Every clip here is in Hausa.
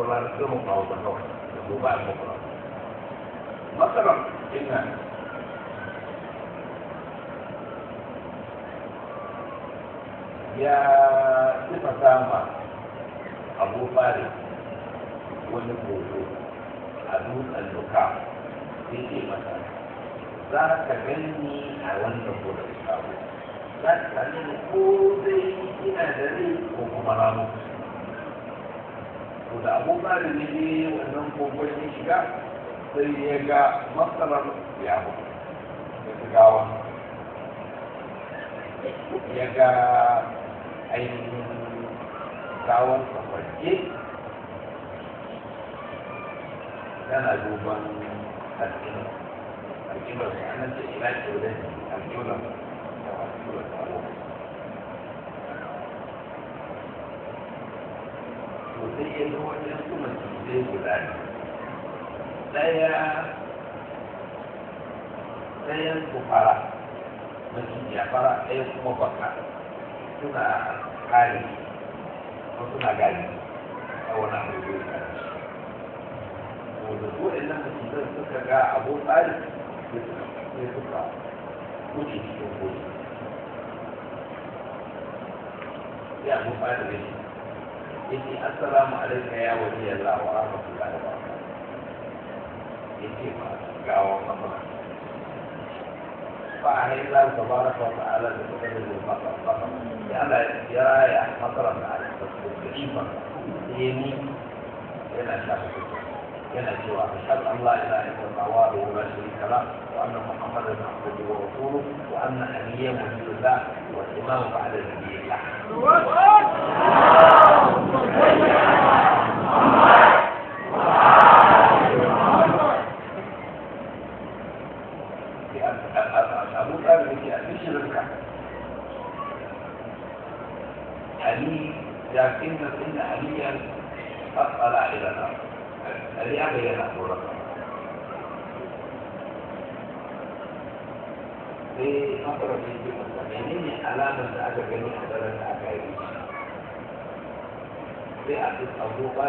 kurban irin ƙaunar da ko ba a kuma masalan ina ya tifa sama abubuwa ne wani koko a dutsen doka ya ce mata za ka gani a wannan gudun shago za ka gani ko zai ina da rai ko kuma to da abu ba da ne wannan kogon shiga sai ya ga matsalar ya ba da ta gawa ya ga ainihin gawan kafarke tana duban alƙinar alƙibar sai an ta ina ce wajen alƙinar da wasu da ya zo wajen su masjidai guda ɗaya ɗayan fara masjidi ya fara ɗaya kuma baka suna kare ko suna gari a wani abu da ya wanda su ɗan masjidan suka ga abu tsari sai suka wuce cikin koyi ya abu tsari da إني السلام عليك يا ولي الله ورحمة الله وبركاته. إني ما قاوى مطرح. الله تبارك وتعالى بقدر المطر فقط. يا لا مطر على التصوير كريما. إني إلى شهر كنا سوى أشهد أن لا إله إلا الله وحده وأن محمدا عبده ورسوله وأن أمير مجد الله وإمام بعد نبي الله. Thank you.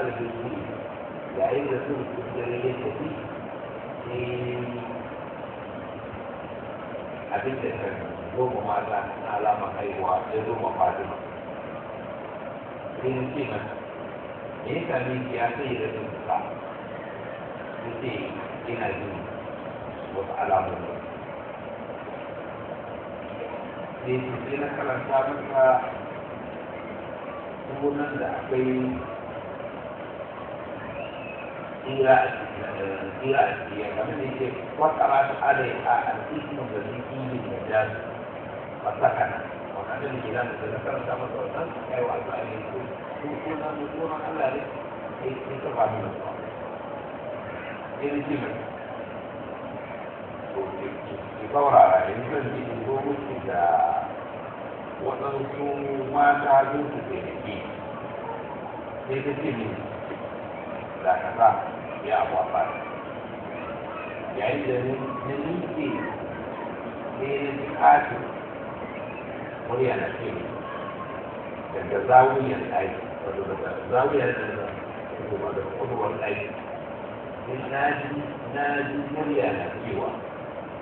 da domin yayin da sun da rage tafi ne abin da kan goma mata na alama haihuwa ya zo ma fatima sai na ce mata me ya same ki ya sai da sun sa ta ce ina jin wasu alamomi sai na karanta maka sunan da akwai tidak tidak dia kami ini kuat kalau ada akan itu memiliki dan katakan makanya dibilang berdasarkan sama tuan hewan lain itu ukuran ukuran lain itu kami ini cuma di bawah ini kan di bawah tidak waktu semua ada itu tidak ini ini لا تفاح يا أبو عباس يعد لميتي الحاكم وهي انا فيه عند زاوية القدوة الأيد النادي نادي مريانة سوى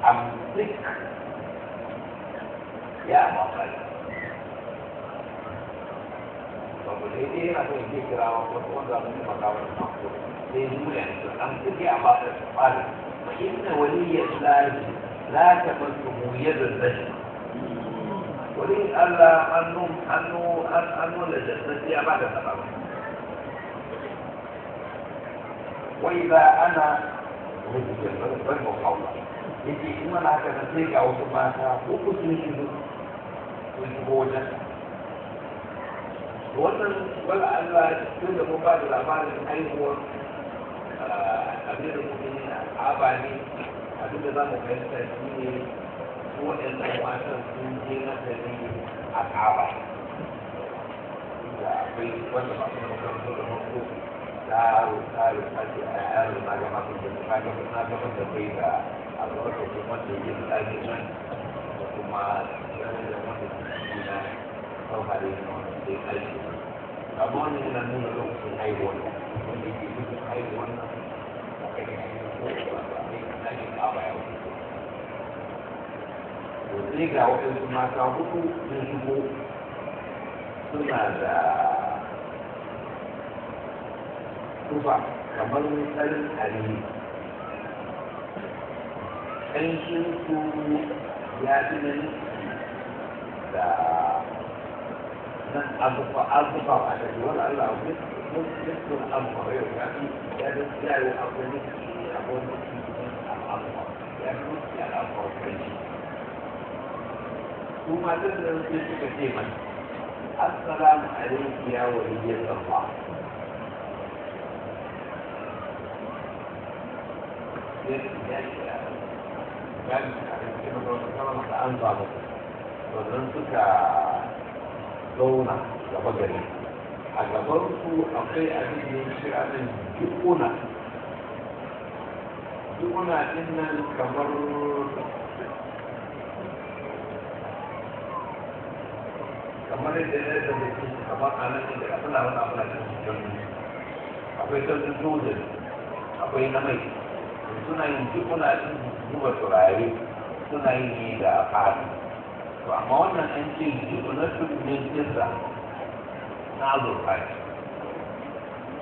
عم ذكر يا أبو عباس sai dai yana son ya kira wasu wanda mun yi makawar da mako sai nuna da an suke a ba da tsari fa inna waliyyar lahi la ta mutu muyazzar rashin ولي ألا أنه أنه أنه لجسدي بعد سبب وإذا أنا بالمحاولة يجي إما أنا كذلك أو ثم أنا وكنت من شنو وجهه wannan wala Allah tun da mun ba da labarin haihuwar ah, abin da mutum abali abin da za mu fahimta shi ne su waɗannan wasan sun je nazari a ƙaba da akwai wanda masu makarantu da mako tsaro tsaro a yaro na gama su da na gama na gama da bai da albarkacin wanda ya yi tsari nan da kuma yanayin da ke na ɗauka da yana da ya ƙarshe amma wannan yana nuna lokacin haihuwar wanda yake nuna haihuwar nan a kan yi ko ba a yi kaɗa ne ba ya wuce to sai ga waɗansu mata hudu sun shigo suna da tufa kamar tsarin aliyu ƙanshin su ya fi da الفقراء الذين على الأرض ممسك الفقير يعني لا يؤمن يقول الأفقر يملك الأفقر ثم تسلم تلك كثيرا السلام عليك يا ولي الله كان كلمة رسول الله أنظر ودرنتك zauna gaba gari a gaban su akwai abin da ya kira nan dukuna dukuna din nan kamar kamar yadda ya da ke kamar a nan da kafin a wani abin da ya ke cikin akwai sojin dozin akwai na mai suna yin dukuna din duba turare suna yin yi da fadi to amma wannan an ce yi jibinatun ne kisa na azurfa ce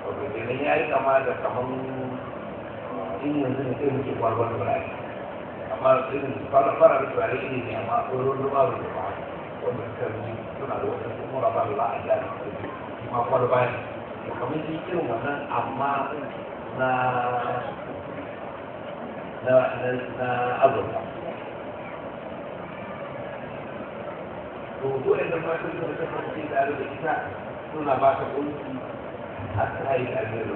wato kenan ya yi kama da kaman in yanzu ne sai muke kwarwar turare amma irin da turare ne ne amma tsoron ruwa da ruwa wanda suka rufe suna da wata kumura ba ruwa a jari kuma kwarba ne to kamar shi irin wannan amma na na na azurfa to dole da matan ta kasance tare da ita suna ba ta gunki a a gidan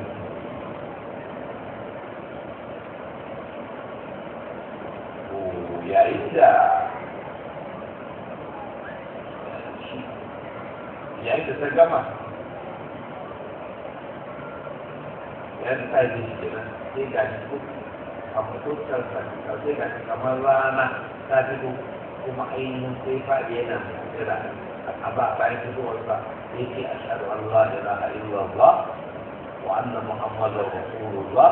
yayin da yayin da ta gama yayin da ta yi shi kenan sai ga shi a mutuntar sa sai kamar rana kuma ainihin sai faɗi yana kira a ba bayan fitowarsa ya ce ashadu an la ilaha illallah wa anna muhammadan rasulullah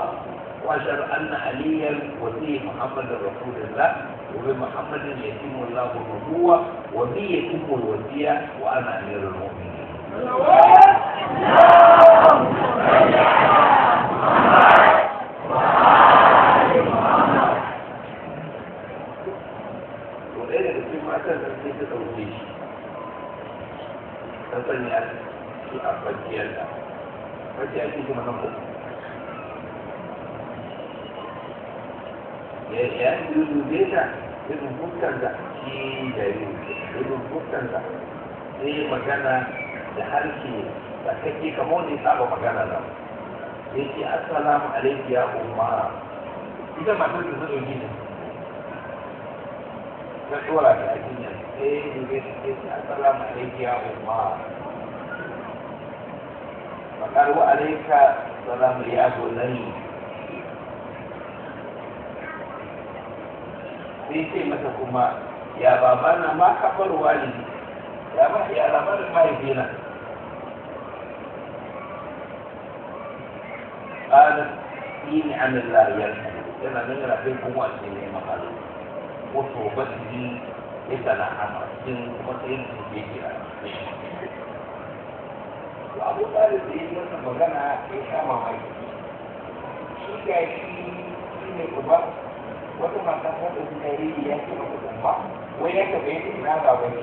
واشهد ان عليا ولي محمد رسول الله وبمحمد يتم الله النبوه وبي يتم الوصيه وانا امير المؤمنين. ƙasar da sai ta ɗauke shi ta sanya shi a fakiyar da fakiya shi kuma nan kuma ya yi dudube ta irin fuskan da shi da yi irin fuskan da sai magana da harshe da kake kamar wanda saba magana da ya ce assalamu alaikum ya umma ita matar da ta ɗauki ne ta tsora ta cikin ya sai dubi sai ta assalamu alaikum ya umma fa qalu alayka ya gulani sai ce mata kuma ya babana ma kafar wali ya ba ya labarin mahaifina قالت إني عن الله يرحمه لما نقرأ فيكم وأسلم مقالب وصحبته يسأل عن الدين ومتين في to abu ɗalib da yi masa magana ya sha mamaki shi ga shi shi ne kuma. wata mata suna ɗauki yi ya ce wata kuma wai ya taɓa yadda ina ba ba ne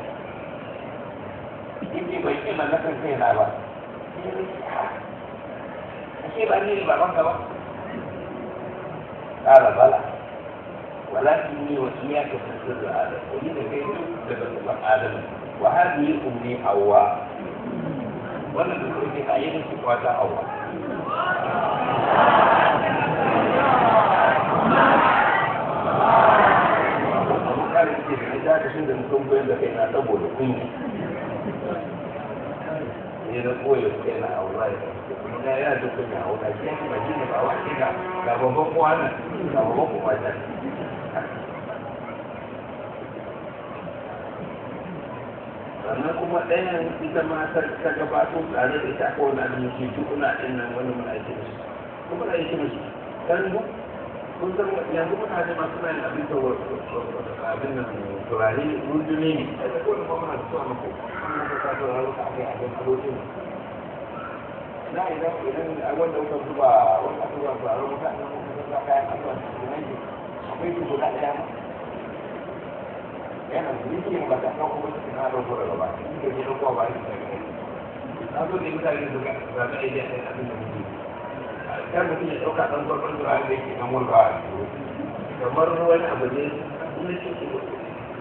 yake bai ce mallakar kai na ba ashe ba ni ba ba ba ba ba bala ولكني وإياك فاسجد آدم أريد كيف تبقى آدم وهذه أمي حواء وأنا بقول لك أين حواء da mutum bai da kai na saboda kunya ne da koyo kai na aura ya kuma da yana da kunya a ke ba shi ne ba wa ke ga babban kowa ga babban kowa sannan kuma ɗayan ita ma ta gabato tare da ita ko na da mutum tukuna ɗin nan wani muna aiki musu kuma na aiki musu kan duk kun san yanzu mutane masu na yin abin da abin nan turare rundune ne a da kowane mamma da suwa mako kuma ta sa turare ta aka yi abin kalolin na idan idan wanda kuka zuba wanda aka zuba turare mutane kuka zuba kayan abuwa da akwai su guda ɗaya ya ini yang baca kau pun kena ada orang orang baca ini kerja kau apa ini lalu dia kata dia juga berada di dia saya tak minta lagi kan mungkin dia tukar tentang orang orang yang dia nomor kau itu nomor kau ini apa dia ini cukup itu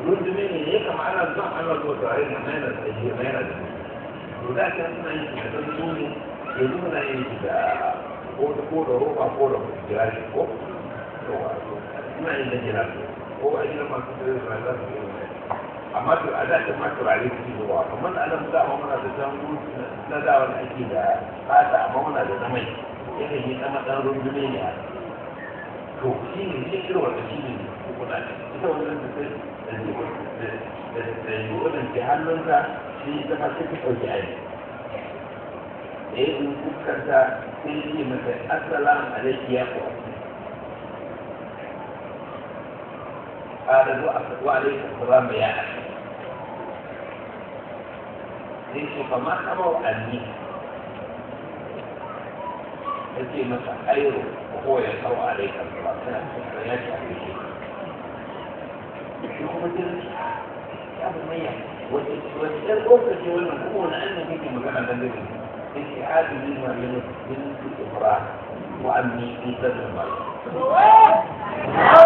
nur demi ini ya kau mana tak mana kau tu hari mana mana hari mana sudah kan mana ini kita tunggu dulu mana ini juga kau kau dah rupa kau dah jelas kau kau mana ini jelas kau ini nama kita jelas amma to a da kan ma turare su cewa kamar alam da amma muna da zan na da wani ake da fata amma muna da zamai yakan yi sama dan rundume ne a to shi ne shi kirwa da shi ne kuna ita wannan da sai da da da wannan ke hannunsa shi ta ma sai ta ɗauki aiki da ya yi kuskanta sai ya yi masa assalamu alaikum ya kuwa قال وعليك السلام يا أخي ليش فما أمر أني يجي مثلا خير وهو يقرأ عليك الصلاة ثلاث يشعر به شوف مثلا يا أبو مية والأوفر في والمفهوم أن فيك مجمع ذنبه استعاذ منها من الإفراط وأمني في سبيل الله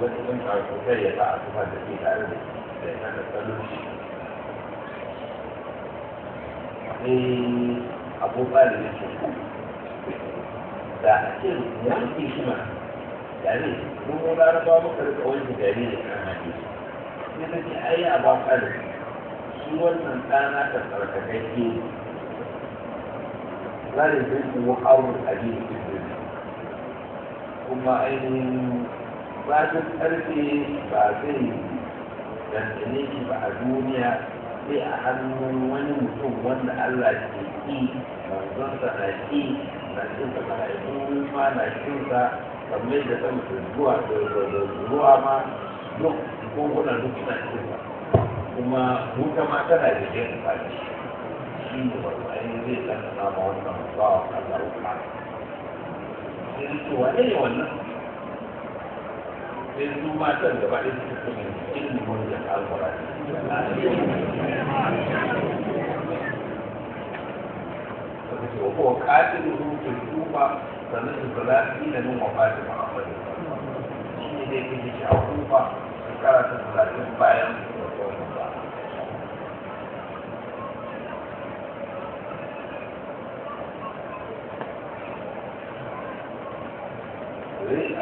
don in a cutar ya sa a tufa da ke tare da da ya da tsalushi akwai abubuwan da yake da a ce wanke shi ma gari domin larabawa muka rika wanke gari da kan hajji sai ta ce ai a ba ƙarfi shi wannan ɗana ta tsarkakakke zai zai kuwa awon abin da kuma ainihin zafin ƙarfe ba zai dandane shi ba a duniya sai a hannun wani mutum wanda Allah ke ƙi manzonsa na ƙi na cinsa mala'ikun ma na cinsa kamar da ta mutu zuwa da ruwa ma duk kogunan duk na cinsa kuma hutu ma tana da jin fashi shi ne wasu ainihin zai tsanana ma wannan ba wa Allah wuta. Sai ce wane ne wannan sai su matan gaba ɗaya su kuma ilimin da alfara وهو قاتل في الكوفة سنة ثلاثين من وفاة محمد شيء اللي يجي الكوفة سكرة ثلاثين بايم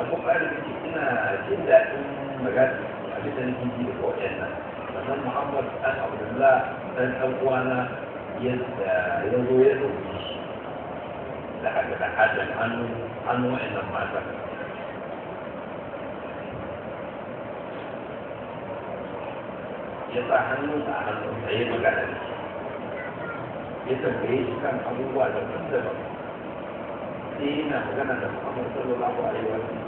أبو خالد ina jin daɗin magana abin da nake ji daga waɗannan sannan muhammad an abdullah ɗan ɗan uwana yadda ya zo ya ɗauki shi da hajjar hannu hannu waɗannan matan ya sa hannunsa a hannun sa ya magana da shi ya tambaye shi kan abubuwa daban-daban sai yana magana da muhammad sallallahu alaihi wa sallam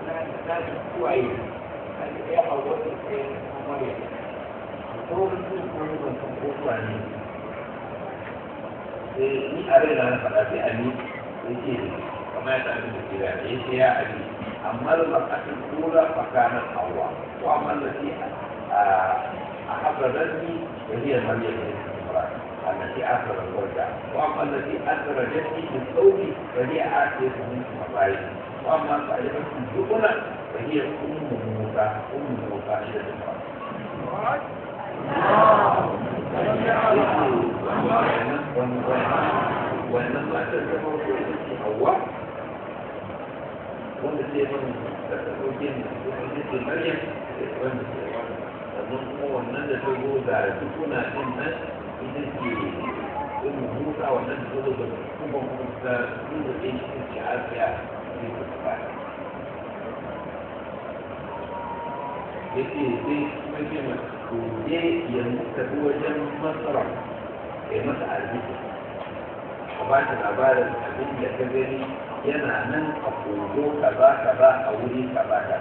dengan dengan kuai. Jadi dia awal sekali awal ini. Tuhan itu pun untuk kuai. Jadi ini adalah pada si Ali Isir. Kamu yang tak ada kira Isir Ali. Amal makasih pula pakanan Allah. Tu amal lagi. Ah, apa lagi? Jadi amal yang الذي أثر الرجع وأما الذي أثر جدي من قومي فليأتي من مطالبه واما فائدة الجبنة فهي أمه مباحة أمه مباشرة ولما تذكر حواء وانت سيكون تذكر جنة وانت مريم وانت النطق والندى تجوز على سكونها إما إذا المهوسة والندى تجوز على سكونها إذا كنت عارف يعني ya ce sai wajen masara ya masa arziki ka ba ta labarin abin da ka gani yana nan a kogo ka ba ka ba a wuri ka ba ka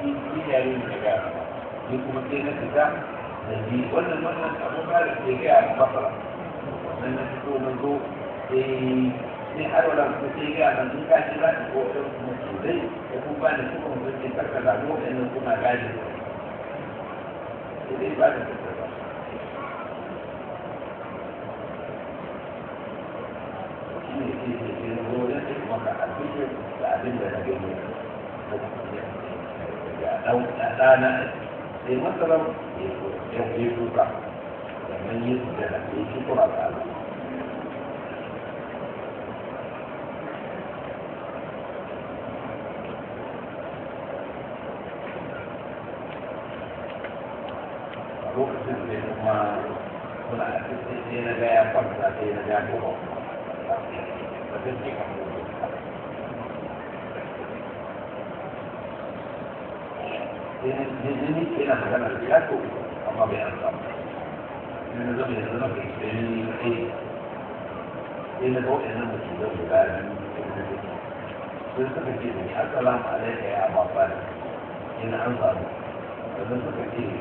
shi shi ga ni kuma sai na fita na ji wannan wannan abin ba da ke gaya masara sannan na fito na zo sai sai arola ko sai ga nan duk ka ji za ka ko ɗan kuma sosai da kuma da suka mutunci karka zaɓi waɗannan kuma gadi sai dai ba da tattara shi ne ke ke ke zo da ke kuma ka albishir da abin da nake ne da ɗana sai masarar ya kuka da man yi da ya shukura ga Allah لأنني إلى خدمة البلاد وطبيعة الأرض لأن زوجي الزمك يشتريني الحين لأن بقول أنا مش زوج بلد فلسفتيني السلام عليك يا أبا طالب إن أنظر فلسفتيني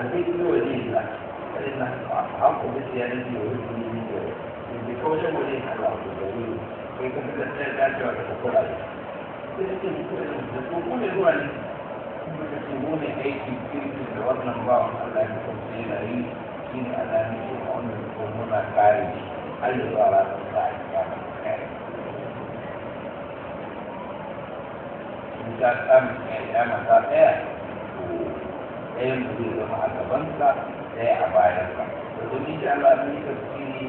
الإذن والدين لك فإن حق بالديانة والدين بالكوشن والدين على الأرض ويكون في الأسئلة الآتية وتتقول عليه لكن كل الدول يكتبون أيدي كتير في الوطن الله ألا يكون سيلا أي كين ألا يكون هنا خارج الوزارات الخارجية Kita akan mengajar masalah ɗayan da zama a gabansa ɗaya a bayansa da domin shi Allah zai yi tafsiri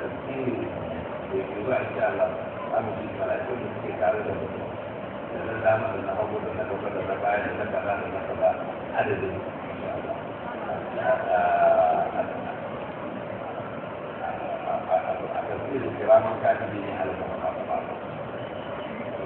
tafsiri da ke zuwa insha Allah za mu ji malakun da suke tare da mu da na dama da na hagu da na gaba da na baya da na kaza da na kaza adadin a tafsirin kiraman kafin ne alfahari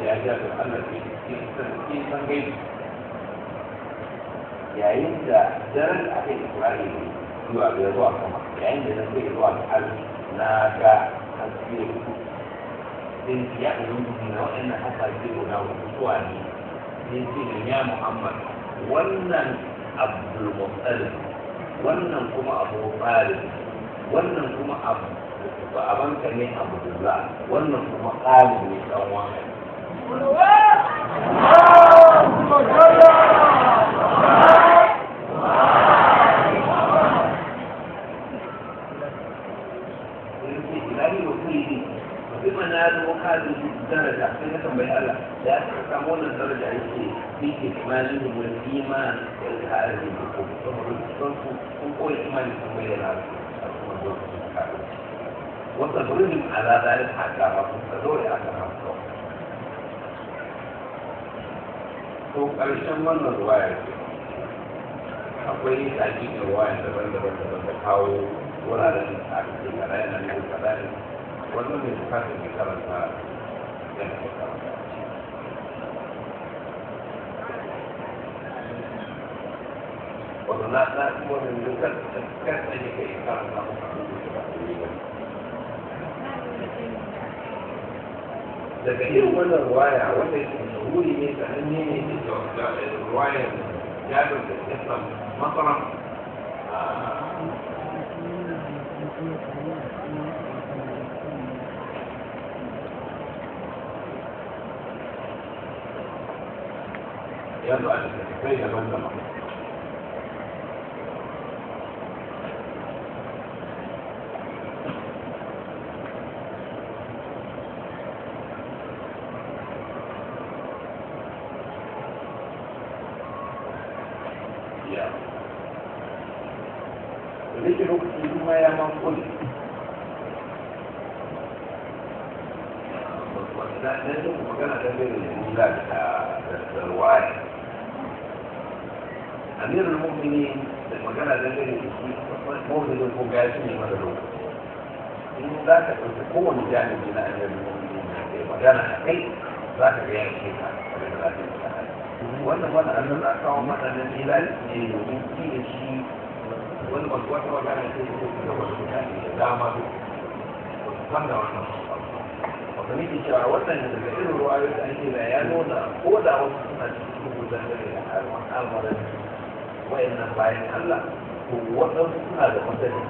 ya da Allah ke cikin san yayin da daren da aka yi kurari ne zuwa ga zuwa sama yayin da zan kai zuwa ga arziki na ga haske da kuku sai ya ɗan rubutu na waɗannan hasashe guda hudu zuwa ne din ce ne ya muhammad wannan abdul mutsalin wannan kuma abu tsarin wannan kuma abu ba abanka ne abu da wannan kuma ƙalin ne ɗan wani وتضرهم على ذلك حتى ما تنتظر أن تنصر ko ƙarshen wannan ruwaya ce akwai tsaki da ruwaya daban-daban da ta kawo wuraren da aka ce kaza yana nan kaza ne wannan mai bukatar ke karanta yana da karanta wato na na wannan dukkan kan tsaye ka yi karanta musu da ba su yi ba تفسير ولا رواية ولا مشهور يبقى أني الرواية جابر تفهم مطرح يبقى تتكلم عن wasallam wani wata wata ana ce da wasu mutane da dama su san da wannan wata nake cewa waɗanda daga irin ruwayoyi da ake da ya nuna ko da wasu suna cikin rubutan da ya al'amarin wayannan bayan Allah to waɗansu suna da masani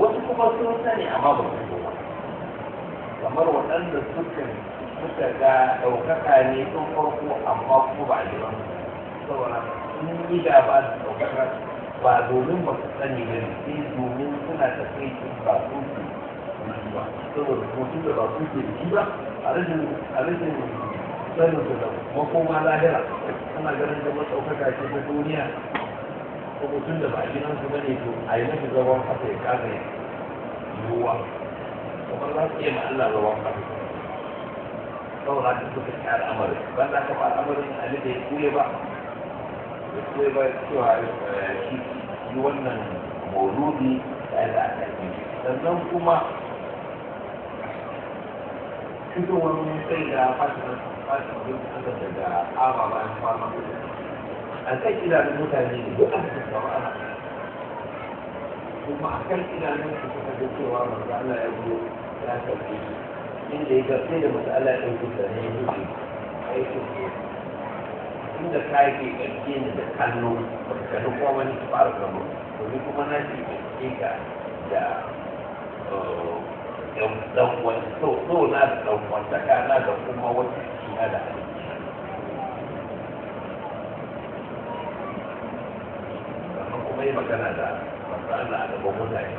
wasu kuma sun sani amma ba su ba kamar waɗanda suka suka ga ɗaukaka ne tun farko amma kuma ba a yi ba sun yi ba da ɗaukar ba domin ba su sani ba ne sai domin suna tafiye ba su ke ba saboda mutum da ba su ke da shi ba a rashin a rashin sanin su da makoma lahira ana ganin da matsaukaka ce ta duniya ko mutum da ba nan su ne to a yi mashi zagon haka ya kasa yiwuwa kuma za su iya ma Allah zagon haka saura da suka ci al'amarin ba za ka ba al'amarin a da ya kule ba sai ba cewa eh, shi yi wannan mauludi da ya zaɓa sannan kuma cikin wani sai da fasikan fasikan bin kasar daga ama bayan fama a kan idanun mutane da duk a cikin gaba ana kuma a kan idanun su suka ga cewa manzo Allah ya zo ya tafi shi inda ya ga sai da masu Allah ya ɗauki da ne ya yi aikin inda da ka yi ƙarfi ne da kallo ka kuma wani fara gano domin kuma na ce ƙarfi ka da ɗan eh, wani so so na da dan wanda ka na da kuma wata kina da amma kuma yi magana da masu Allah a gaban mutane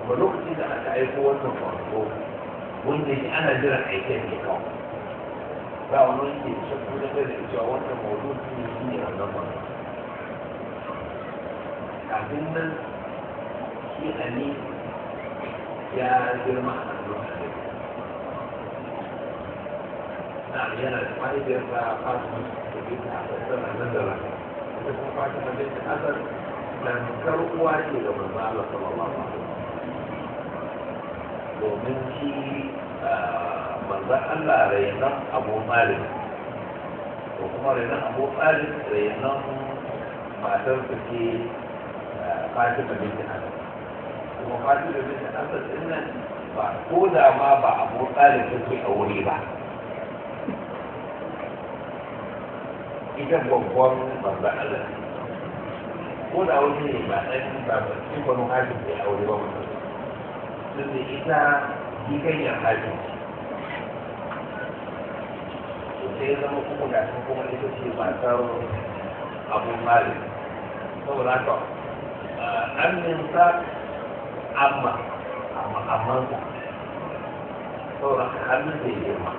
kuma lokacin da aka aiko wannan farko wanda ana jiran aikin ne kawai ba wani wanda ya shafi da da cewa wannan mawudu shi ne wannan ba kafin nan shi ali ya girma a lokacin na yana da mahaifiyar sa fatima da ke ta asar na nan da rana da kuma fatima da ta asar na nukar uwa ce ga manzo Allah sallallahu alaihi wasallam domin shi manzan Allah rainon abu malik ko kuma rainon abu malik rainon matar su ke fatima binti asad kuma fatima binti asad din nan ba ko da ma ba abu malik take a wuri ba ita gwaggon manzan Allah ko da wani ne ba ɗan ba ba cikin wani hajji ne a wuri ba mutum sun ita ikanyar hajji sai zama kuma ga shi kuma ita ce matar abu mali saboda amma amma amma saboda hannun da ya ma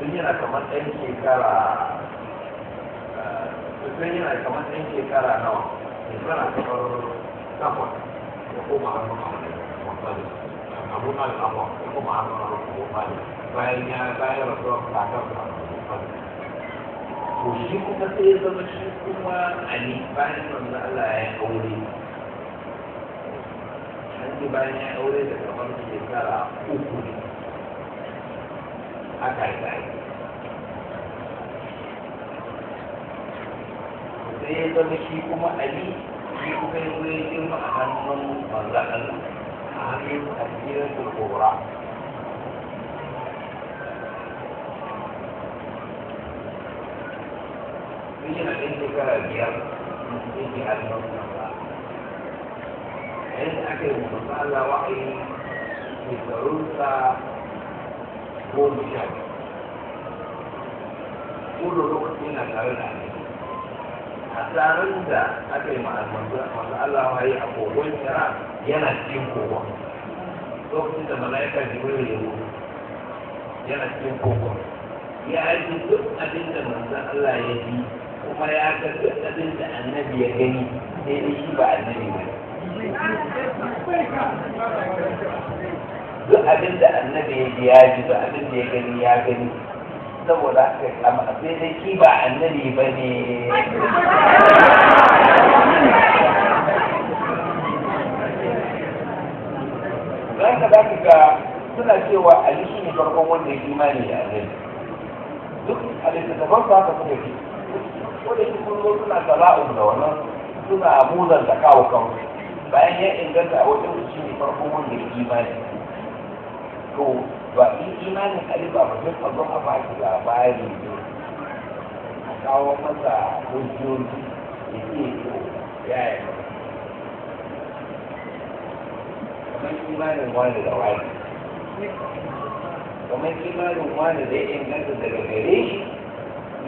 tun yana kamar ɗan shekara tun yana kamar ɗan shekara nawa kamar takwas ya koma hannun abu mali abu mali abu ya ne hannun abu mali bayan ya bayar da ba ta to shi kuma sai ya zama shi kuma ali bayan manzo Allah ya aure An shi bayan ya aure da kamar shekara uku ne aka yi sai ya zama shi kuma ali shi kuma ya zo ya girma a hannun manzo Allah a hannun ajiyar da yana ɗan shekara biyar yake albarka ba yadda aka yi masu Allah wa'ayi shekarunsa goma sha tare da ne a tsarin da aka yi ma'almanzu masu Allah wa'ayi a kogon shara yana cikin kogon lokacin da mala'ika jibril ya zo yana cikin kogon ya aiki duk abin da manzan Allah ya yi kuma ya karɓi abin da annabi ya gani sai dai shi ba annabi ba duk abin da annabi ya ji ya ji duk abin da ya gani ya gani saboda haka amma sai dai shi ba annabi ba ne don ka za ga suna cewa ali shi ne farkon wanda ya imani da annabi duk a littattafan ba ka suka fi ko da shi kun zo suna sala'un da wannan suna muzan da kawo kanku bayan ya inganta a wajen su shi ne farko wanda ya imani to ba in imanin alifa ba sai ka zo a ba shi labari ne a kawo masa hujjoji ya ce to ya yi kamar imanin wani da wani kamar imanin wani da ya inganta daga gare shi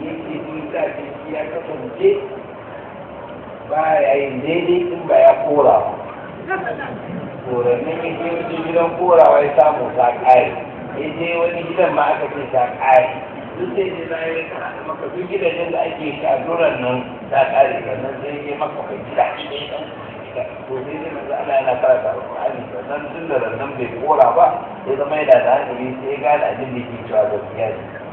yake nisa da shi ya kasance ba ya yin daidai in ba ya kora korannin ya je wani gidan korawa ya samu ta ƙari ya je wani gidan ma aka ce ta ƙari duk sai je na yi maka duk gidan da ake kaduran nan ta ƙari sannan sai ya maka bai gida to sai dai manzo Allah yana karanta Al-Qur'ani sannan tun da nan bai kora ba ya zama yana da hankali sai ya gane a da ke cewa gaskiya ne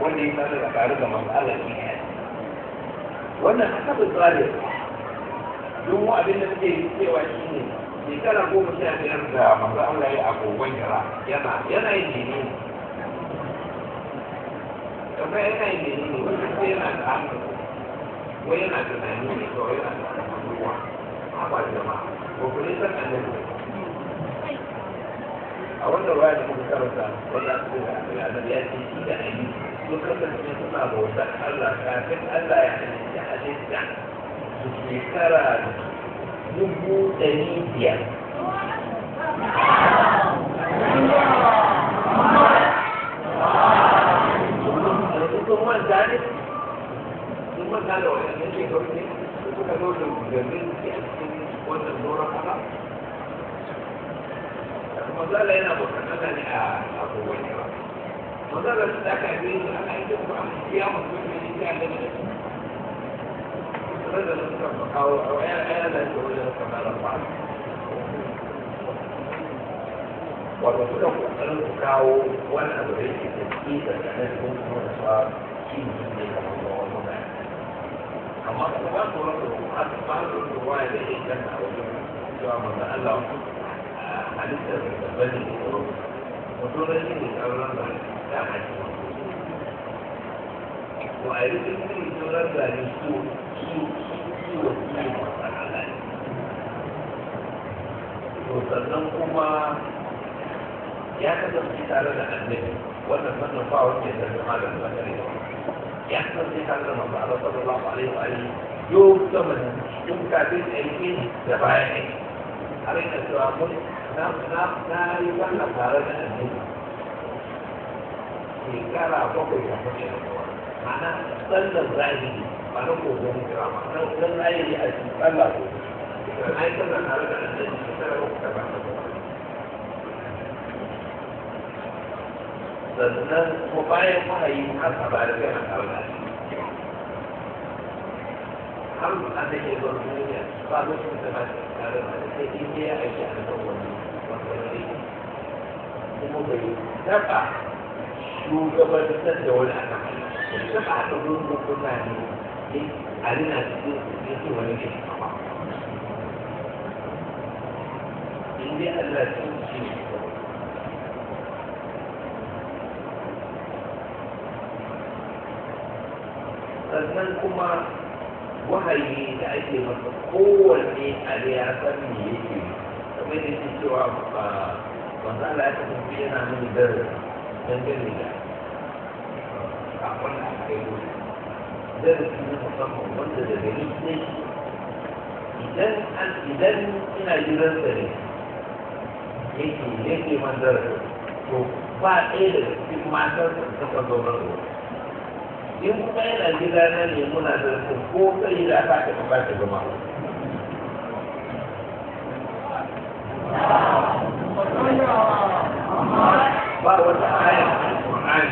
wanda ya faru da masu da ya ne wannan haka tsari duk mu abin da suke cewa shi ne shekara goma sha biyar da masu Allah ya agogon yara yana yana yin jini kamar yana yin jini wanda ko yana da hannu ko yana da nani ne ko yana da ruwa haba jama'a ko ku ne san annabi a wannan ruwa da muka karanta wanda aka da ya ce shi da ainihi su kasance suna bautar Allah kafin Allah ya halitta halitta su shekara dubu ɗari biyar. Sun manta ne? Sun manta da wani ne ke kawai su suka zo da gabin ke a cikin wannan doron haka? Mazala yana bautar Allah ne a kowane والرسول صلى الله عليه وسلم وانا ادعي التسكيت الذي كنت متصاب فيه من الله ومعنى اما تبقى رسول الله بعض الروايه التي كان اول قال له هل انت بالنسبه لي وتقول لي ان الله وعرفت ان تربى لسوء سوء سوء سوء sannan kuma ya kasance tare da annabi wannan sannan ba wanda ya zarfi malam bakare da ya kasance tare da manzo Allah sallallahu alaihi wa alihi yau zamanin yau kafin aiki da bayan aiki har yana cewa mun na na na yi wannan tare da annabi ikrar apa pun yang macam tu. Mana selesai, mana pun yang ikrar, mana selesai yang ikrar. Allah tu. Naik ke mana ada yang jadi kita orang tak bantu. Dan mobile pun ada yang ada pada dia nak tahu lagi. Kalau ada yang berdua, kalau kita masih ada, ini dia yang kita tahu. Kemudian, dapat shugabantar da wani akan da suka haɗa gungun ne a rina cikin yake wani shi in dai Allah cikin shi ne sannan kuma wahayi da ake masa kowanne a ya san me yake kamar da ke cewa ba manzo Allah ya kasance yana mini darasi dangane da on a Dan kita bersama benda dia dari sini Kita akan idan ina jira sini Itu yang di mandar itu Rupa ada di mandar itu Tepat dobra itu Dia bukan ina jira sini Dia pun ada sepuluh ke jira Tak ada tempat yang bermakna Bahawa tak ada Al-Quran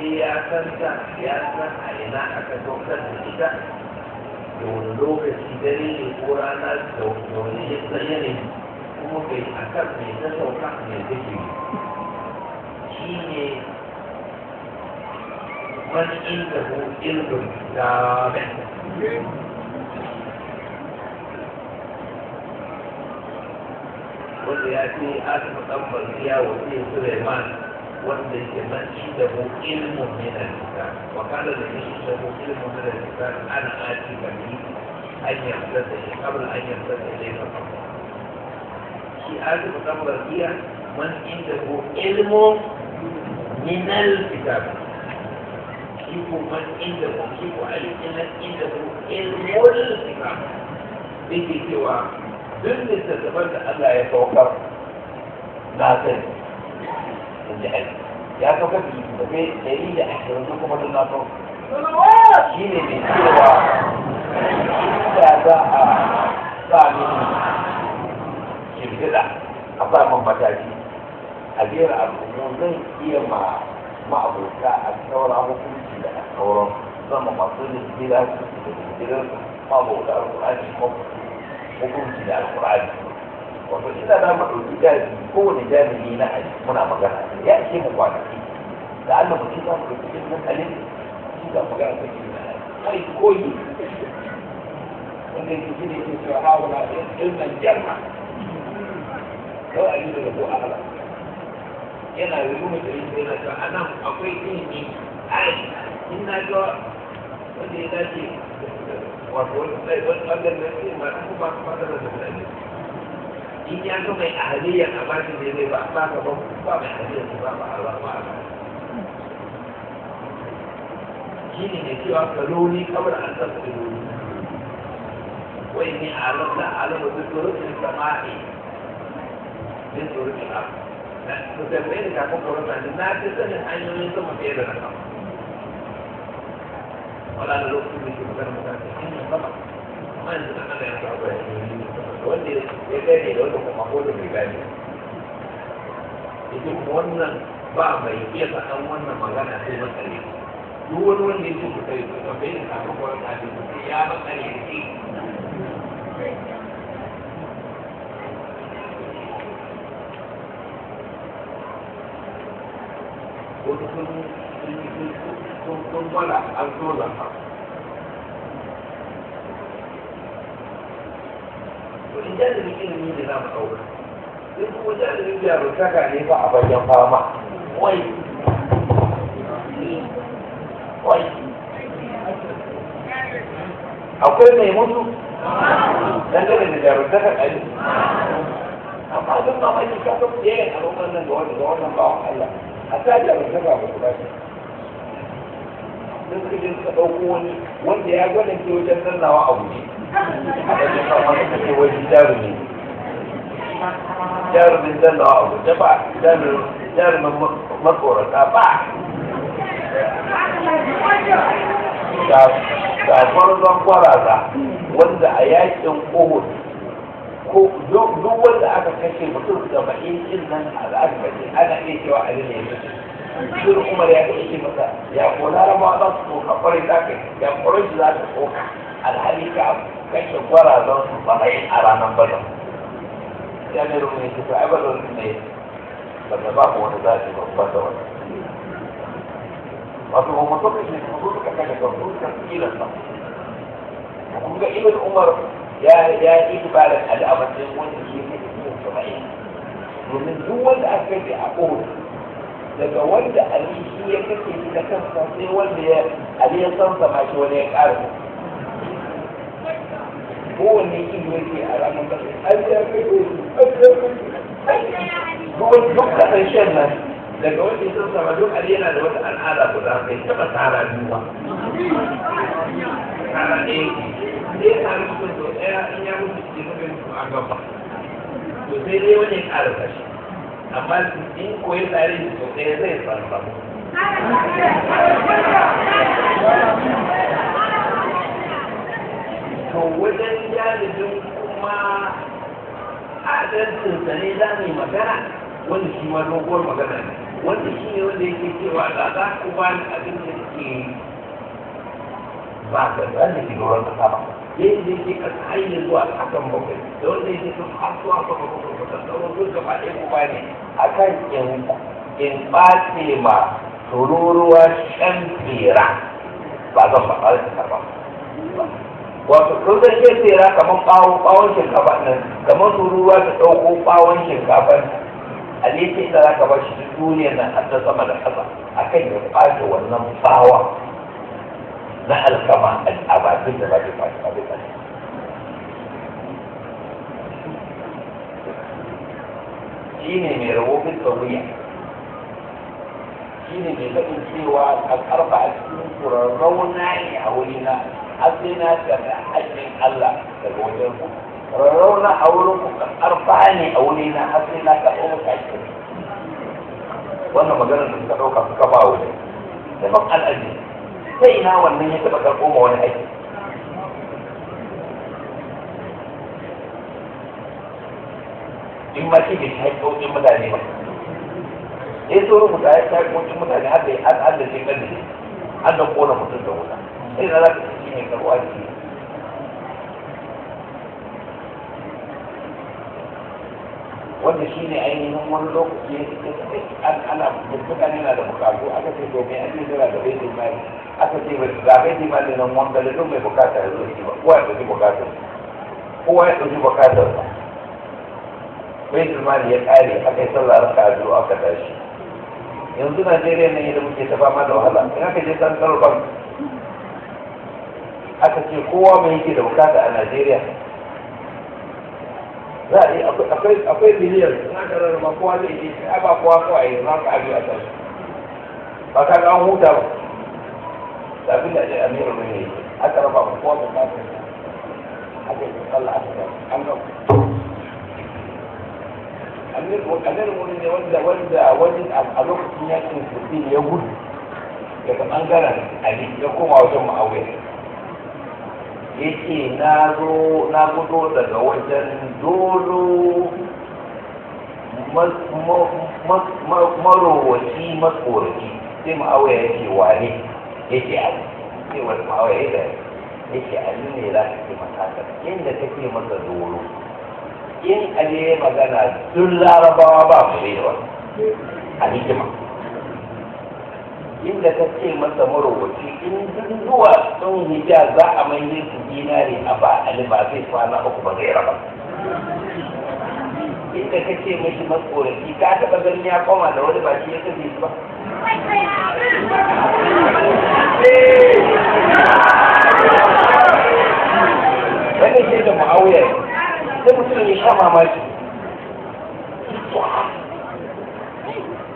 هي أساسة لأن أيناحك تؤكد الكتاب يقول له كتدري يقول أنا لو تولي الطيري ممكن أكب من تسوى كحن الذكر شيني من عنده علم تابع wanda ya ce aka ɗan barciya wa ce Suleiman والذي له علم من الكتاب وقال الذي له علم من الكتاب انا اتي به ان يبتدئ قبل ان يبتدئ اليك الامر في هذه المتمرة هي من عنده علم من الكتاب كيف من عنده كيف ألف من عنده علم الكتاب بيجي سواه دون التتبنى ألا يتوقف لا تنسى in ji aiki ya kafa bi da ashirin duk kuma duk na so shi ne mai cewa inda za a sa mini shirgida a farkon mataki a biyar al'ummu zan iya ma ma'abota a sauran hukunci da a sauran zama masu jirgin da jirgin ma'abota al'ur'ani da al'ur'ani wato shi da mu ɗauki jami'i kowane jami'i na aji muna magana ya ishe mu kwanaki da Allah mu kisa mu ɗauki ilimin halin shi da magana ta ke na kai koyi wanda yake shi ne ke cewa hawala ilmin jarma kawai a yi da ko ala yana yi mu da yake yana cewa a nan akwai ilimi ai in na ga wanda ya dace wato wani ɓangaren ne masu kuma masu da mutane Ini aku main ahli yang abang tu dia main bapa ke bapa bapa main ahli yang bapa Allah bapa. Ini ni tu aku luni kau dah ada tu luni. Kau ini alam dah alam betul betul ini samai. Ini turut kita. Nah, sebab ni kita kalau tak jenar kita ni hanya itu mesti ada nak. Kalau lu tu ni kita nak mesti ini apa? Mana kita nak yang tahu ini? wanda ya gane da wanda kuma ko da bai gane ita kuma wannan ba mai iya faɗan wannan magana sai matsale duk wani wanda ya ce ku kai ku tambaye da kafin ku wani kafin kuma ya matsale da shi ko kun kun kun kun kun kun kun kun kun to in jami'in ilimi ne za mu ɗauka in kuma jami'in jarumtaka ne ba a bayan fama wai wai akwai mai mutu dangane da jarumtaka ɗari amma duk mamaki ka san fiye a roƙon nan ga wannan ga wannan bawan Allah a ta jarumtaka ba ku ba sun suka je suka ɗauko wani wanda ya gwada ke wajen sannawa a guje jarumin zan da abu da ba jarumin matsorata ba shafar zan kwaraza wanda a yakin kohon ko duk wanda aka kashe mutum da baƙin cin nan a al'adari ana iya cewa a ne shirin umar ya kashe masa ya ko larabawa za su tsoka kwarai za ka ya kwarai za ka tsoka alhali ka abu kashe gwarazon su yin a ranar badar ya ne rumu ne kusa ai badar ne ba da ba mu wani zaɓi ba ba da wani wato ba mu taɓa shi su suka kashe kansu suka kila sa kun ga ibn umar ya ya yi dubarar al'amarin wanda shi ne cikin saba'in domin duk wanda aka kashe a kowace daga wanda ali shi ya kashe shi da kansa sai wanda ya ali ya san sama shi wani ya ƙara kowanne kin yake a ranar kasa an ya kai ko an ya kai duk kasashen nan daga wani sun sama duk ali yana da wata al'ada guda bai taba tsara biyu ba tsara ne sai ya sami mutum to ɗaya in ya mutu ke mutu a gaba to sai dai wani ya ƙara kashi amma in koyi tsari to ɗaya zai tsara ba to wajen jalibin kuma adalcinsa ne za mu yi magana wanda shi ma doguwar magana ne wanda shi ne wanda yake cewa da za ku ba ni abin da ke ba ga zan da doron kasa ba yayin da yake kasa hanyar zuwa kasan bakwai da wanda yake kan kasuwa sama bakwai ba ta tsawon zuwa gaba ɗaya ku ba a kan in ɓace ma tururuwa shan tsira ba zan ba ba da ba wato kun san iya tsira kamar ɓawon bawon shinkafa nan kamar turuwa ta ɗauko ɓawon shinkafan aliki da za ka ba shi duniyar nan har ta sama da ƙasa akan ya ɓace wannan ɓawa na alkama al'abadin da ba zai ɓace ba zai ɓace shi ne mai rawobin tsawuya shi ne mai zaɓin cewa a ƙarfa a cikin turarrau na ne a wuri na har ta na hajjin Allah daga wajen ku rarrauna a wurin ku kakar ne a wuri na har ta na karɓi wannan maganar da suka ɗauka suka ba wa da ban al'adu sai ina wannan ya taɓa karɓo ma wani aiki in ma shi ne haƙƙoƙin mutane ba ya so rubuta ya haƙƙoƙin mutane har da ya an da shi an da ƙona mutum da wuta sai da za ka ci mai karɓo aiki wanda shi ne ainihin wani lokaci an ana bukata na da bukatu aka ce to ake jira da bai mali aka ce ba ga bai mali nan wanda da duk mai bukata ya zo shi ba kowa ya ɗauki bukatar kowa ya ɗauki bukatar ba bai mali ya ƙare aka yi sallah raka a aka tashi yanzu najeriya ne da muke ta fama da wahala in aka je san bank aka ce kowa mai yake da bukata a najeriya za a yi akwai miliyan na karar ba da zai yi a ba kowa kawai yi za ka abu a can ba ka ga an huta ba tafi da ajiyar amiru ne ne aka raba ba kowa da a aka yi tsalla aka ga an ga amir wani ne wanda wanda wani a lokacin yakin kudi ya gudu daga bangaren yi ya koma wajen ma'awiyar yake na zo na fito daga wajen dolo marowaci matsoraci sai ma'awa ya ce wane yake ali sai wani ma'awa ya da yake ali ne za ka ce matasa inda kake masa dolo in ali ya magana duk larabawa ba mu rewa a hikima inda ka ce masa marubuci in duk zuwa sun hijja za a mai yin su dinari a ba aliba zai kwana uku ba zai raba inda ka ce mashi matsorafi ka taɓa ganin ya koma da wani baki ya kaje ba wani ce da ma'auyar sai mutum ya sha mamaki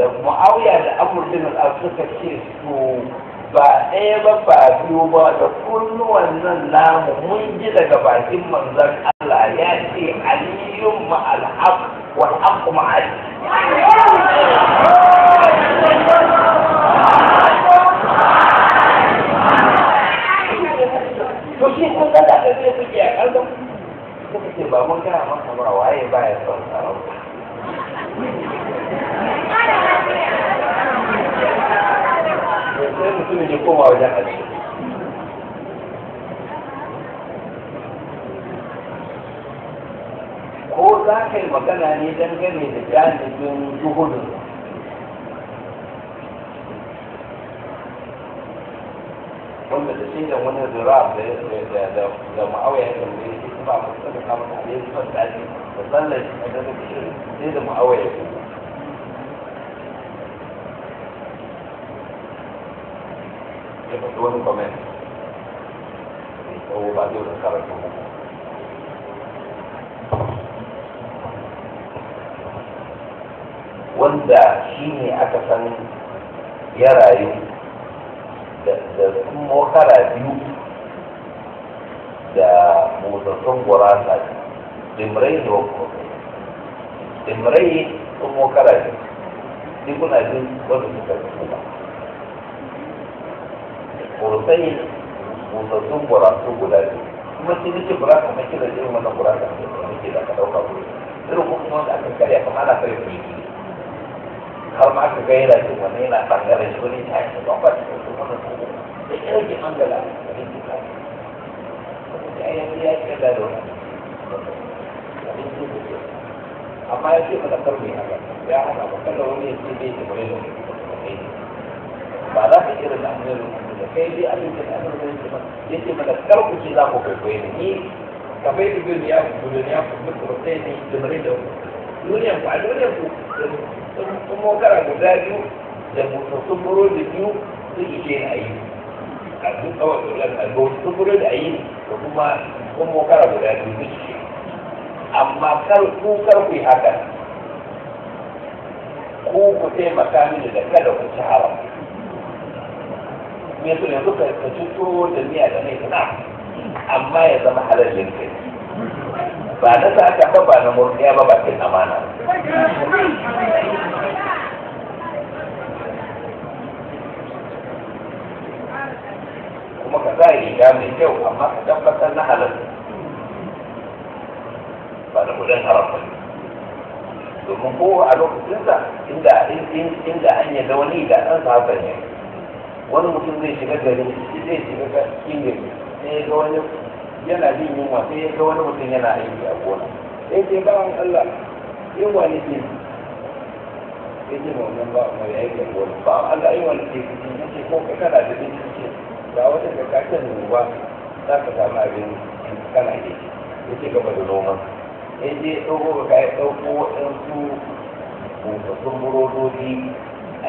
da mu'awiya da amurdin al'ad suka ce su ba ɗaya ba ba biyu ba da kunnuwan nan namu mun ji daga bakin manzon Allah ya ce aliyun ma alhaq wal haq ma ali to shi kun ga da kake kuke a kallon kuka ba mun ga maka ba waye ba ya son sarauta sai mutumin ya ko za ka yi magana ne dangane da janibin zuhudun wanda da shi da wani zura da ma'auya ya tambaye shi ba mu tsaka kamar da ne da tsallar a daga sai da wanda shi ne aka san ya rayu da mokara biyu da motsatsun gurasa jimrai da wakwakwai imrai ummu karashi duk kuna jin wani suka fi ba kursai busassun burasu guda ne kuma sai nake buraka na kira mana wannan buraka ne da nake da ka dauka guri irin kuma kuma wanda aka karya kuma ana kare su yi har ma aka gaira shi wani yana bangaren shi wani ta yi shi ba shi kuma na kuma da kira ke gala da nake kare ya yi ya yi da wani amma ya ce sadakar mai haka ya haka ba kada wani ya ce zai tabbare da kai ba za ka irin annabi da kai dai abin da annabi ya ce ba ya ce sadakar ku ce za ku kwaikwaye da ni ka bai da biyu duniya ku duniya ku mutu ba sai ne da mare da ku duniyan ku a duniyan ku sun mokara guda biyu da mutum da biyu sun ishe a yi a duk kawai sun burodi da yi da kuma sun mokara guda biyu sun yi amma kar ku kar ku hakan ku ku taimaka mini da kada ku ci haram me su yanzu ka ci tuwo da miya da mai suna amma ya zama halallin kai ba na sata ba ba na murniya ba ba cin amana kuma ka zai riga mai kyau amma ka tabbatar na halal ba da kudin harafin domin ko a lokacin sa, inda inda an yadda wani da an sa ne wani mutum zai shiga gari zai shiga ingil sai ya ga wani yana jin yunwa sai ya ga wani mutum yana aiki a gona eh, sai ce bawan Allah yunwa ne ke sai ce ba wannan ba mai aiki a gona ba Allah yunwa ne ke cikin yake ko ka kana da jin cikin ga wata da ka kan za ka samu abin kana ke yake gaba da noman ya je ba ka yi ɗauko waɗansu kusasun burodoji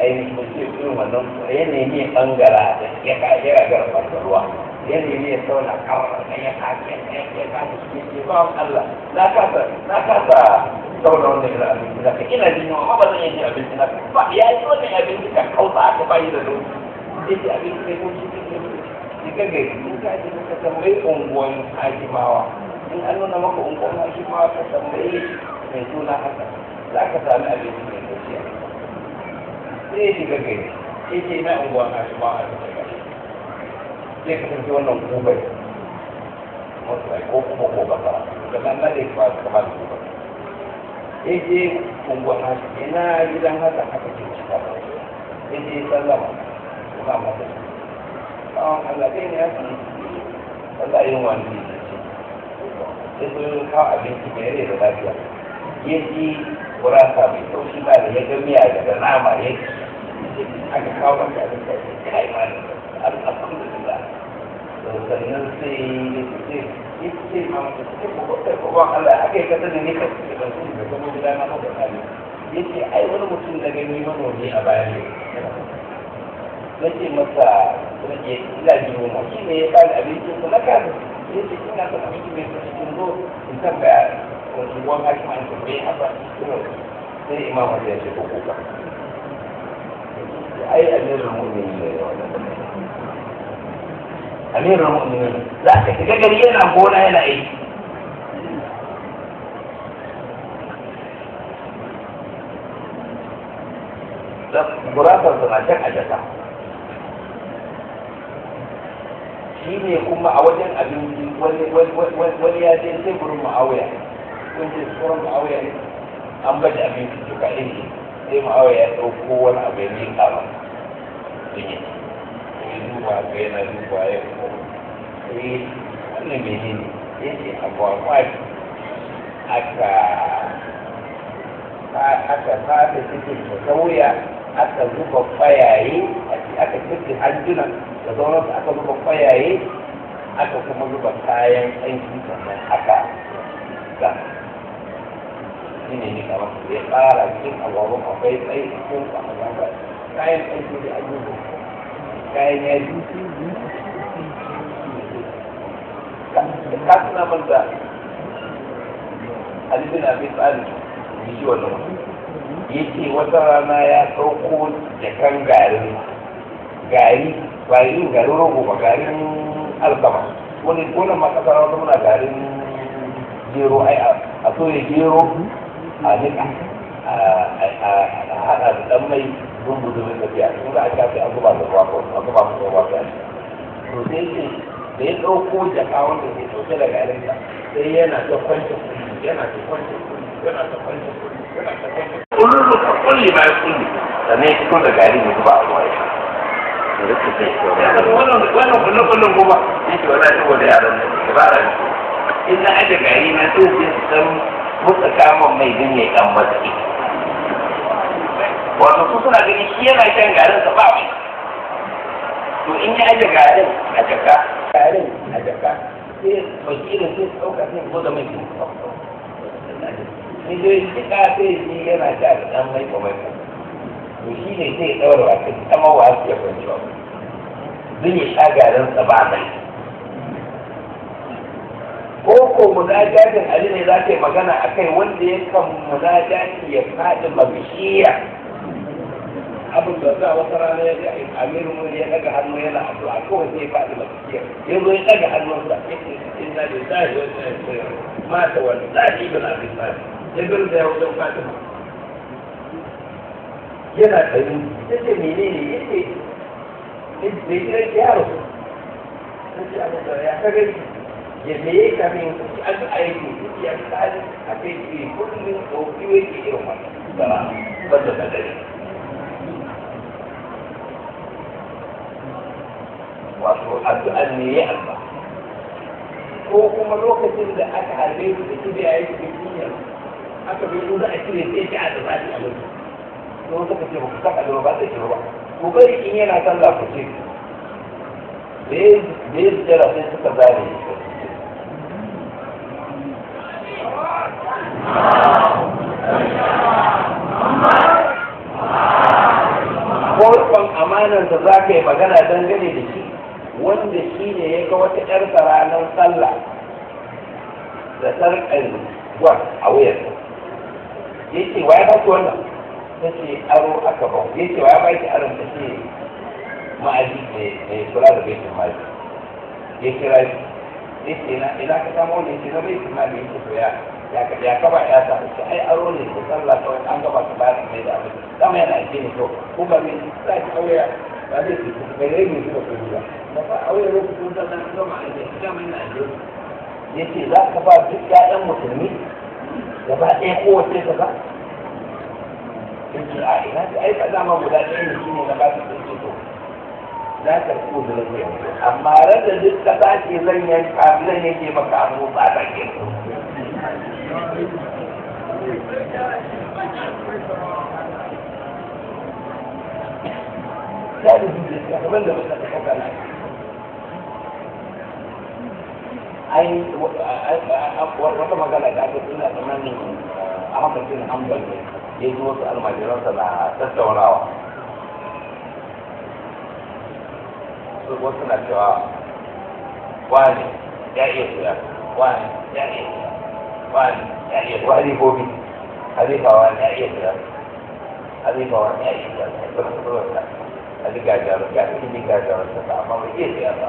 a yi mace irin wannan yanayi ne ɓangara da ya kajera garfar da ruwa yanayi ne sauna kawai da ya kajera ya kajera su ce ba Allah na kasa na kasa sauna wanda ya abinci na ka ina jin yawa ba zan abinci na ba ya yi wannan abinci ka kauta aka bayi da zo abinci ne ko shi ne ka in an nuna maka ungoma shi ma ka tambaye mai suna haka za ka sami abinci mai gajiya sai ya shiga gari sai ke na unguwa na shi ba a da gari sai ka tafi wannan gobe wasu ai ko kuma ko ba ba da nan na dai ba ka ba da gobe ya ke unguwa na shi ina gidan haka haka ke cika ba ya ke sallama ko ba ma da shi Allah ɗin ya san Allah yin wani sai sun yi kawo abinci mai yare da lafiya ya ji gurasa mai taushi ba da ya ga miya daga nama ya ci aka kawo wani abinci a cikin kai ma da alhamdulillah sannan sai ya ce ya ce ma mutum sai ko ko ko ba Allah aka yi kasar da ne ka ce ban sun da kuma gida na maka kare ya ce ai wani mutum da gani manomi a bayan ne na ce masa ina ji mu shi ne ya ba da abincin ku na kasa dia cikgu nak tak mesti mesti tunggu kita bayar uang kaki mana tu bayar apa terus jadi imam lah. dia cikgu buka ayat ada rumah ni Amin rumah ni lah ketika dia nak bola yang lain lah, berapa pun ajak, ajak tak. shi ne kuma a wajen abin wani ya ce sai gurin ma'awuya kun ce tsoron ma'awuya ne an bada abinci duka ɗin sai ma'awuya ya ɗauko wani abu ya ne kama sun yi ya duba ga yana duba ya ko sai wannan mene ne ya ce agwagwa aka aka sata cikin sauya aka zuba kwayaye aka cikin hanjunan Kata orang tak akan berkumpai air Aku akan mengubah sayang Sayang sini sama akal Tak Ini ni kawan kereta lagi Allah pun apa yang saya Aku tak menambah Sayang saya jadi ajuh Kayaknya jadi Tak nak benda Hadis bin Abi Talib Dijual Iki watarana ya Tukun Jekan garis Garis garin garin rogo ba garin alkama wani wannan ma kasar wata muna garin gero ai a soya gero a nika a hada da dan mai rumbu domin tafiya in za a sha sai an zuba da ruwa kawai an zuba musu ruwa kawai to sai ce da ya ɗauko jaka wanda ke ɗauke da garinsa sai yana ta kwance kuɗi yana ta kwance kuɗi yana ta kwance kuɗi yana ta kwance kuɗi kullum da kulli ma ya kulli sannan ya fito da gari ne zuba a ruwa ya wannan kullum in na san kama mai ya wato su suna gani shi yana shan garin sa ba to in ya aje garin a jaka garin a jaka sai wakilin sai su ɗauka sai ko da mai ni dai shi ka sai ni yana sha da mai ko to shi ne zai ɗaura a kan kama wa su ya kwanci wa zai yi shagaren sa ba nan ko ko munajatin ali ne za ta yi magana a kai wanda ya kan munajati ya faɗi mabishiya abin da za wata rana ya ga amirin wani ya daga hannu yana addu'a kawai sai ya faɗi mabishiya ya zo ya daga hannunsa ya ce cikin na da zai yi wata ya ce mata wani zaɗi bin abin ba ya bin da ya wajen fatima yana ɗari ta ce mene ne ya ce da ya ce yaro ta ce abin da ya kaga ya me ya kame an aiki ya ta a kai ce kullum ɗauki wai ke irin wannan ba ba da kadari wato addu'ar ne ya alba ko kuma lokacin da aka harbe su da kibiya ya yi kibiya aka bai nuna a cire sai ta addu'a a lokacin sai wasu ka ce ba san allo ba zai shiru ba ku bari in yana sallah ku ce da ya jira sai suka zare Farkon amanar da za ka yi magana dangane da shi wanda shi ne ya ga wata 'yar ranar sallah da sarƙar wa a wuyarsa. Ya ce, wa ya ba wannan? ta ce aro aka ba ya ce ya baki ki aron ta ce ma'aji da ya kula da baitin mali ya kira shi ya ce na ina ka samu wani ce na bai baitin mali ya ce to ya ya kaba ya sa ta ce ai aro ne da sallah kawai an gaba ta bayar ta mai da abin dama yana ake ne to ko ba mai za ki kawai ya ba zai ce ku ga rai ne suka kuri ba ba ba aure lokacin sallah ka gama a ne dama yana ake ya ce za ka ba duk 'ya'yan musulmi gaba ɗaya kowace ka ba yake a ai kaza ma guda ɗaya ne shine na basu sun ce za ka so da lafiya amma randa duk kasa ke zan yanka zan yake maka abu ba ta ke ya da zuciya ai wata magana ta aka suna tsammanin a hakan sun hanbal ne ya ji wasu almajiransa na tattaunawa su kuma suna cewa wani ya iya suya wani ya iya koya wani ya iya suya wani gobi halifa wani ya iya suya halifa wani ya iya koya ba su zuwa ta hali gajiyar ga cikin gajiyar ta ba amma bai iya suya ba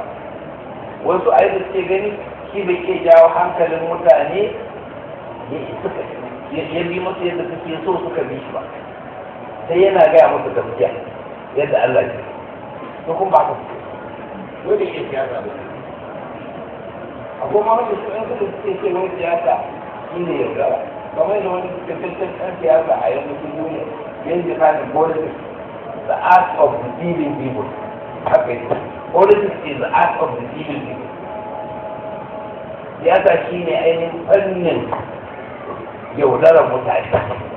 wasu ayyuka suke gani shi bai ke jawo hankalin mutane ya isa kashe ya bi musu yadda suke so suka bi shi ba sai yana gaya masa gaskiya yadda Allah ya to kun ba ku wani yake siyasa ba a goma wanda su ɗan suka suke ce wani siyasa shi ne yaudara kamar yadda wani fitaccen ɗan siyasa a yanzu sun duniya yanzu na da politics the art of deceiving people haka yi politics is the art of deceiving people siyasa shi ne ainihin fannin 有那个舞台。